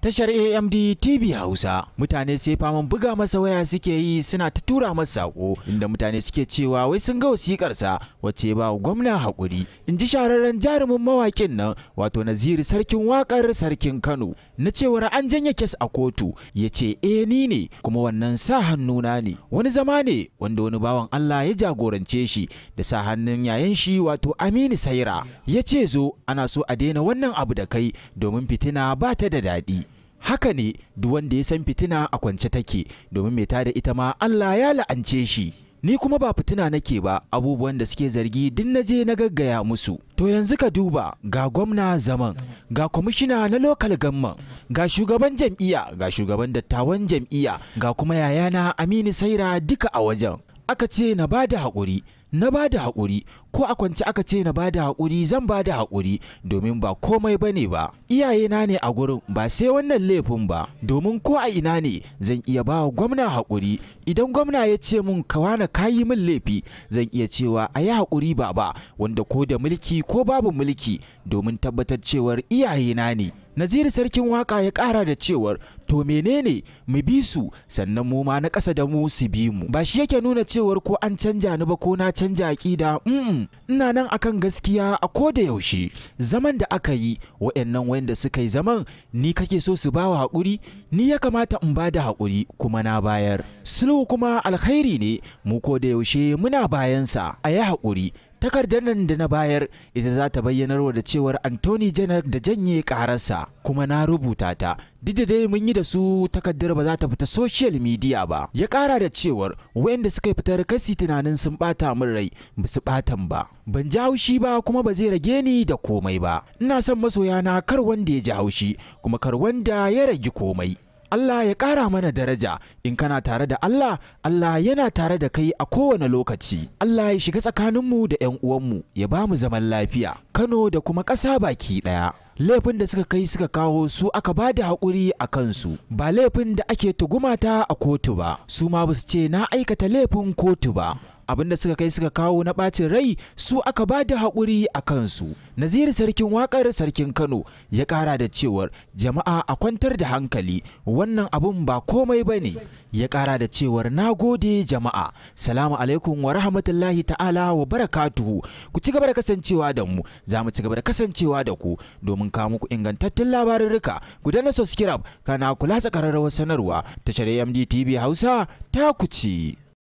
tashar AMD TV Hausa mutane sai faman buga masa waya suke yi suna ta tura masa sako inda mutane suke cewa wai sun ga wasikar sa wacce ba gwamna hakuri in ji shararren jarumin mawakin nan wato Naziri sarkin wakar sarkin Kano na cewar an janye kes a kotu yace eh ni ne kuma wannan sa hannu na ne wani zama ne wanda wani bawan Allah ya jagorance shi da sa hannun yayan shi wato Aminu Saira yace zo ana so a daina wannan abu da kai domin fitina ba ta da daɗi haka ne duk wanda ya san fitina a kwance take domin mai tada ita ma Allah ya la'ance shi ni kuma ba fitina nake ba abubuwan da suke zargi duk na je na gaggaya musu to yanzu ka duba ga gwamna zaman ga kwamishina na lokal gamman ga shugaban jam'iyya ga shugaban dattawan jam'iyya ga kuma yayana aminu saira duka a wajen aka ce na bada da haƙuri na ba da haƙuri ko a kwance aka ce na ba da haƙuri zan ba da haƙuri domin ba komai ba ne ba iyayena ne a gurin ba sai wannan laifin ba domin ko a ina ne zan iya ba wa gwamna haƙuri idan gwamna ya ce min kawana ka yi min laifi zan iya cewa a yi haƙuri ba ba wanda ko da mulki ko babu mulki domin tabbatar cewar iyaye na ne Naziru sarkin waka ya ƙara da cewar to menene mu bi su sannan mu ma na ƙasa da mu su bi mu ba shi yake nuna cewar ko an canja ni ba ko na canja aƙida mm ina nan akan gaskiya a ko da yaushe zaman da aka yi waɗannan wanda suka yi zaman ni kake so su bawa haƙuri ni ya kamata in ba da haƙuri kuma na bayar sulhu kuma alkhairi ne mu ko da yaushe muna bayan sa a yi haƙuri takardar nan da na bayar ita za ta bayyanar da cewar Anthony Janar da janye ƙararsa kuma na rubuta ta duk da dai mun yi da su takardar ba za ta fita social media ba ya kara da cewar wayanda suka fitar kasi tunanin sun bata min rai ba batan ba ban ji haushi ba kuma ba zai rage ni da komai ba ina son masoya na kar wanda ya ji haushi kuma kar wanda ya rage komai Allah ya ƙara mana daraja in kana tare da Allah Allah yana tare da kai a kowane lokaci Allah ya shiga tsakaninmu da 'yan uwanmu ya ba mu zaman lafiya Kano da kuma ƙasa baki ɗaya laifin da suka kai suka kawo su aka ba da haƙuri a kansu ba laifin da ake tugumata a kotu ba su ma ba su ce na aikata laifin kotu ba Abin da suka kai suka kawo na ɓacin rai su aka ba da haƙuri a kansu naziri sarkin waƙar sarkin kano ya ƙara da cewar jama'a a kwantar da hankali wannan abun ba komai ba ne ya ƙara da cewar na gode jama'a salamu alaikum wa rahmatullahi ta'ala wa barakatuhu ku ci gaba da kasancewa da mu za mu ci gaba da kasancewa da ku domin kawo muku ingantattun labarurruka ku dana subscribe kana kula tsakararrawar sanarwa tashar MDTV Hausa ta ku ci.